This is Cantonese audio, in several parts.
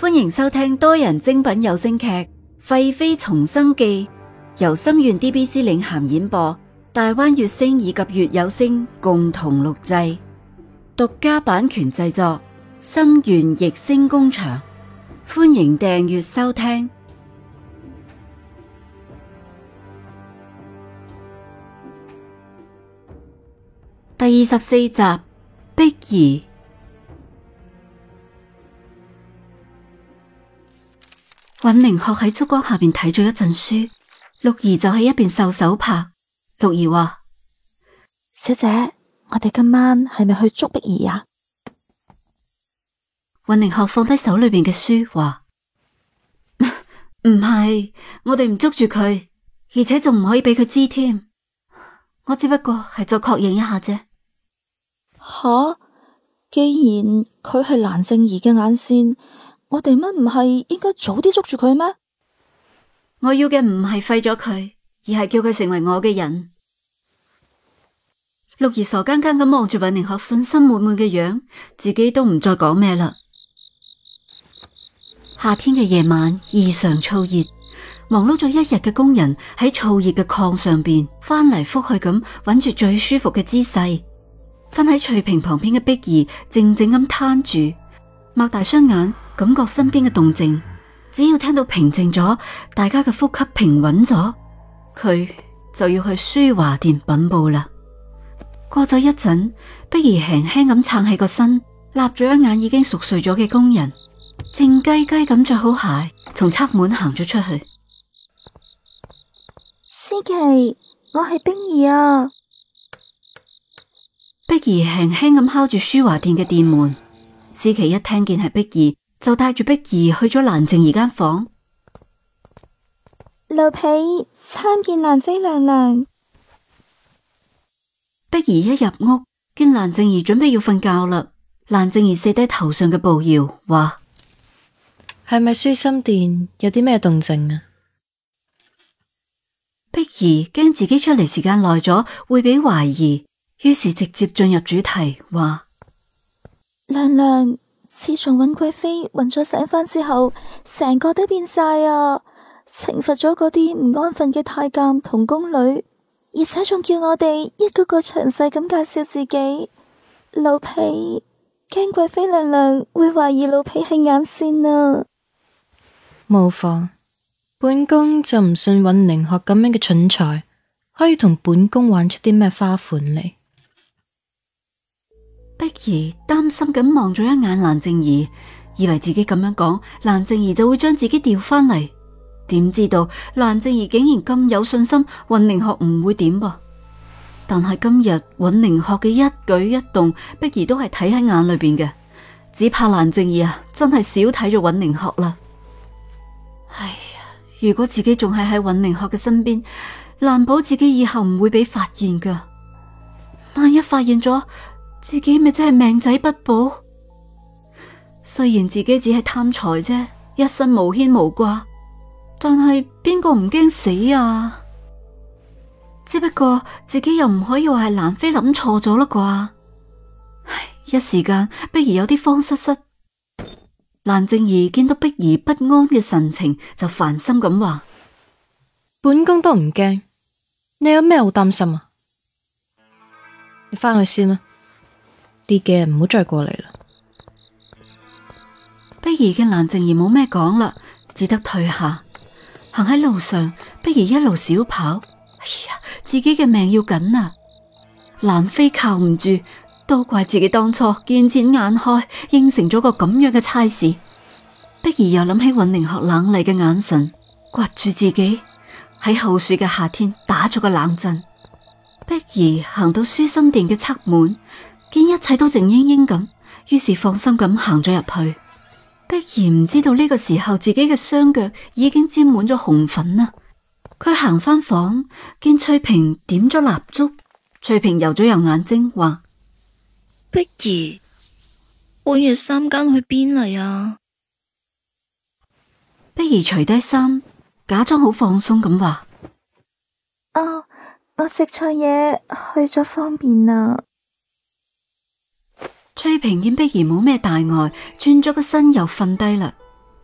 歡迎收聽多人精品有聲劇《廢妃重生記》，由心願 DBC 領銜演播，大灣月星以及月有聲共同錄製，獨家版權製作，心願逸星工場。歡迎訂閱收聽第二十四集《碧兒》。尹寧學喺燭光下邊睇咗一陣書，六兒就喺一邊繡手帕。六兒話：小姐，我哋今晚係咪去捉碧兒啊？尹寧學放低手裏邊嘅書，話，唔係，我哋唔捉住佢，而且仲唔可以俾佢知添。我只不過係再確認一下啫。吓，既然佢係蘭靜兒嘅眼線。我哋乜唔係應該早啲捉住佢咩？我要嘅唔係廢咗佢，而係叫佢成為我嘅人。六兒傻更更咁望住尹寧學信心滿滿嘅樣，自己都唔再講咩啦。夏天嘅夜晚異常燥熱，忙碌咗一日嘅工人喺燥熱嘅炕上邊翻嚟覆去咁揾住最舒服嘅姿勢。瞓喺翠屏旁邊嘅碧兒靜靜咁攤住，擘大雙眼。感覺身邊嘅動靜，只要聽到平靜咗，大家嘅呼吸平穩咗，佢就要去書畫店稟報啦。過咗一陣，碧兒輕輕咁撐起個身，立咗一眼已經熟睡咗嘅工人，靜雞雞咁着好鞋，從側門行咗出去。思琪，我係碧兒啊！碧兒輕輕咁敲住書畫店嘅店門，思琪一聽見係碧兒。就帶住碧兒去咗蘭靜兒間房間。奴婢參見蘭妃娘娘。碧兒一入屋，見蘭靜兒準備要瞓覺啦。蘭靜兒卸低頭上嘅步搖，話：係咪舒心殿有啲咩動靜啊？碧兒驚自己出嚟時間耐咗，會俾懷疑，於是直接進入主題，話：娘娘。自從尹貴妃暈咗醒返之後，成個都變晒啊！懲罰咗嗰啲唔安分嘅太監同宮女，而且仲叫我哋一個個詳細咁介紹自己。老婢驚貴妃娘娘會懷疑老婢係眼線啊！無妨，本宮就唔信尹寧學咁樣嘅蠢材，可以同本宮玩出啲咩花款嚟？碧兒擔心咁望咗一眼蘭靜兒，以為自己咁樣講，蘭靜兒就會將自己調翻嚟。點知道蘭靜兒竟然咁有信心，尹寧學唔會點噃？但係今日尹寧學嘅一舉一動，碧兒都係睇喺眼裏邊嘅，只怕蘭靜兒啊，真係少睇咗尹寧學啦。哎呀，如果自己仲係喺尹寧學嘅身邊，難保自己以後唔會俾發現噶。萬一發現咗。自己咪真係命仔不保，雖然自己只係貪財啫，一身無牽無掛，但係邊個唔驚死啊？只不過自己又唔可以話係蘭妃諗錯咗啦啩。唉，一時間碧兒有啲慌失失，蘭靜兒見到碧兒不安嘅神情，就煩心咁話：本宮都唔驚，你有咩好擔心啊？你翻去先啦。呢嘅唔好再過嚟啦！碧兒見蘭靜怡冇咩講啦，只得退下。行喺路上，碧兒一路小跑。哎呀，自己嘅命要緊啊！蘭妃靠唔住，都怪自己當初見錢眼開，應承咗個咁樣嘅差事。碧兒又諗起允寧學冷厲嘅眼神，摑住自己喺后暑嘅夏天打咗個冷震。碧兒行到舒心殿嘅側門。見一切都靜英英咁，於是放心咁行咗入去。碧兒唔知道呢個時候，自己嘅雙腳已經沾滿咗紅粉喇！佢行返房，見翠萍點咗蠟燭，翠萍揉咗揉眼睛，話：碧兒半夜三更去邊嚟啊？碧兒除低衫，假裝好放鬆咁話：哦，我食錯嘢去咗方便啊！翠平見碧兒冇咩大礙，轉咗個身又瞓低啦。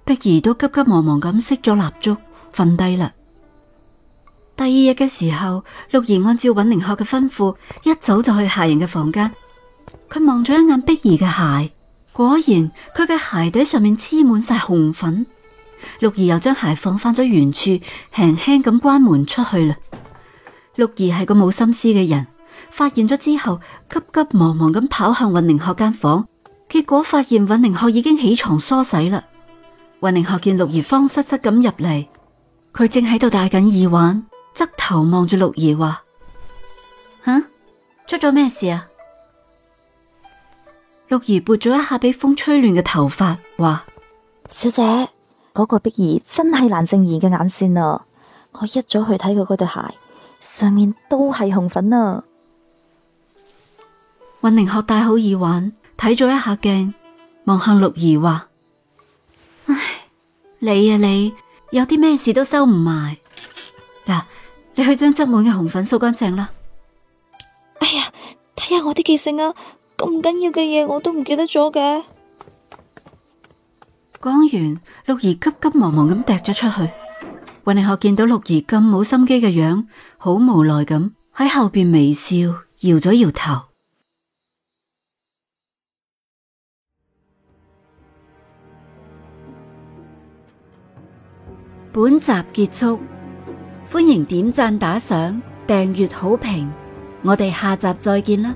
碧兒都急急忙忙咁熄咗蠟燭，瞓低啦。第二日嘅時候，六兒按照尹寧鶴嘅吩咐，一早就去下人嘅房間。佢望咗一眼碧兒嘅鞋，果然佢嘅鞋底上面黐滿晒紅粉。六兒又將鞋放翻咗原處，輕輕咁關門出去啦。六兒係個冇心思嘅人。發現咗之後，急急忙忙咁跑向尹寧鶴間房間，結果發現尹寧鶴已經起床梳洗啦。尹寧鶴見六兒慌失失咁入嚟，佢正喺度戴緊耳環，側頭望住六兒話：吓、啊、出咗咩事啊？六兒撥咗一下俾風吹亂嘅頭髮，話：小姐嗰、那個碧兒真係蘭靜兒嘅眼線啊！我一早去睇佢嗰對鞋，上面都係紅粉啊！雲寧學戴好耳環，睇咗一下鏡，望向六兒話：唉，你啊你，有啲咩事都收唔埋。嗱，你去將側滿嘅紅粉掃乾淨啦。哎呀，睇下我啲記性啊，咁緊要嘅嘢我都唔記得咗嘅。講完，六兒急急忙忙咁趯咗出去。雲寧學見到六兒咁冇心機嘅樣，好無奈咁喺後邊微笑，搖咗搖頭。本集結束，歡迎點讚、打賞、訂閱、好評，我哋下集再見啦！